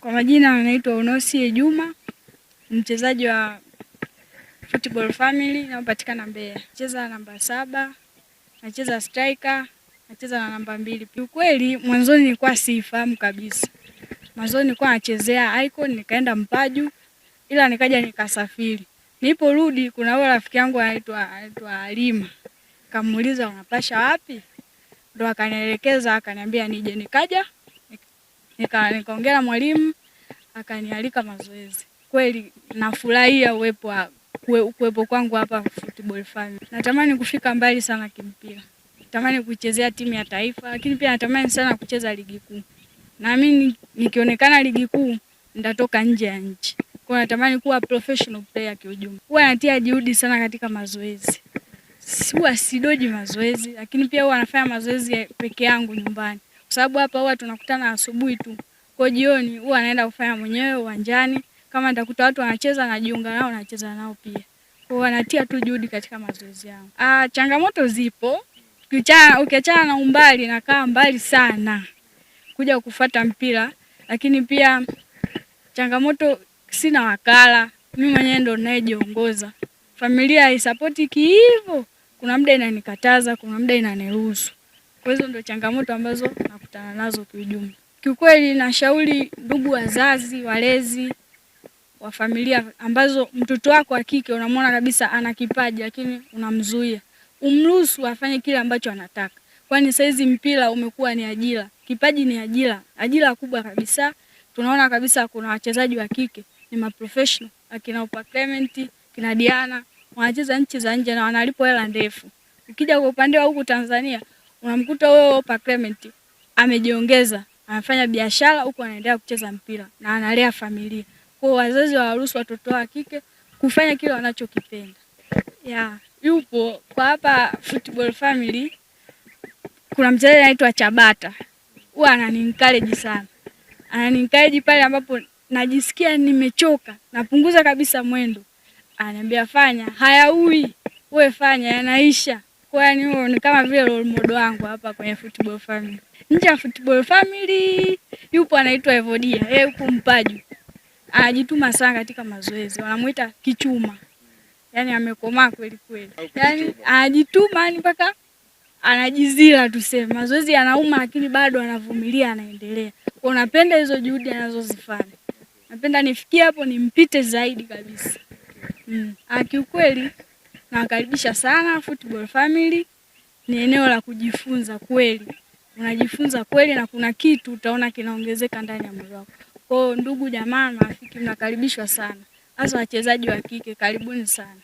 Kwa majina anaitwa unosie Juma, mchezaji wa Football Family inayopatikana Mbeya. Nacheza namba saba, nacheza striker, nacheza na namba mbili. Kiukweli mwanzoni nilikuwa siifahamu kabisa, mwanzoni nilikuwa nachezea Icon, nikaenda Mpaju, ila nikaja nikasafiri. Niliporudi kuna yule rafiki yangu anaitwa anaitwa Alima, kamuuliza unapasha wapi, ndo akanielekeza akaniambia nije, nikaja nikaongea nika na mwalimu akanialika mazoezi. Kweli nafurahia uwepo kuwepo kwangu hapa Football Family. Natamani kufika mbali sana kimpira, natamani kuchezea timu ya taifa, lakini pia natamani sana kucheza ligi kuu. Naamini nikionekana ligi kuu ndatoka nje ya nchi. Kwa natamani kuwa professional player kiujumla. Huwa natia juhudi sana katika mazoezi, huwa sidoji mazoezi, lakini pia huwa nafanya mazoezi peke yangu nyumbani, kwa sababu hapa huwa tunakutana asubuhi tu kwa jioni huwa anaenda kufanya mwenyewe uwanjani, kama nitakuta watu wanacheza najiunga nao, nacheza nao pia. Kwa wanatia tu juhudi katika mazoezi yangu. Ah, changamoto zipo. Ukiachana na umbali, nakaa mbali sana kuja kufata mpira, lakini pia changamoto, sina wakala mimi mwenyewe ndo ninayejiongoza. Familia haisapoti kiivo, kuna muda inanikataza, kuna muda inaniruhusu. Kwa hizo ndo changamoto ambazo nakutana nazo kiujumla. Kiukweli nashauri ndugu wazazi, walezi wa familia ambazo mtoto wako wa kike unamwona kabisa ana kipaji lakini unamzuia, umruhusu afanye kile ambacho anataka, kwani saizi mpira umekuwa ni ajira, kipaji ni ajira, ajira kubwa kabisa. Tunaona kabisa kuna wachezaji wa kike ni maprofessional, akina Upa Clement, kina Diana wanacheza nchi za nje na wanalipo hela ndefu. Ukija kwa upande wa huku Tanzania unamkuta wewe Upa Clement amejiongeza anafanya biashara huku anaendelea kucheza mpira na analea familia. Kwa wazazi wawaruhusu watoto wa kike kufanya kile wanachokipenda. Yeah, yupo kwa hapa football family kuna mchezaji anaitwa Chabata. Huwa ananinkareji sana. ananinkareji pale ambapo najisikia nimechoka, napunguza kabisa mwendo. Ananiambia fanya, hayaui. Wewe fanya, yanaisha kwani huo ni kama vile role model wangu hapa kwenye football family. Nje ya football family yupo anaitwa Evodia, yeye yupo Mpaju, anajituma sana katika mazoezi, wanamuita kichuma, yaani amekomaa kweli kweli, yaani anajituma, yani mpaka anajizila tuseme, mazoezi yanauma, lakini bado anavumilia, anaendelea. Kwa napenda hizo juhudi anazozifanya, napenda nifikie hapo nimpite zaidi kabisa. Mm. Akiukweli ah, Nawakaribisha sana Football Family. Ni eneo la kujifunza kweli, unajifunza kweli na kuna kitu utaona kinaongezeka ndani ya moyo wako. Kwa hiyo ndugu, jamaa, marafiki, mnakaribishwa sana, hasa wachezaji wa kike, karibuni sana.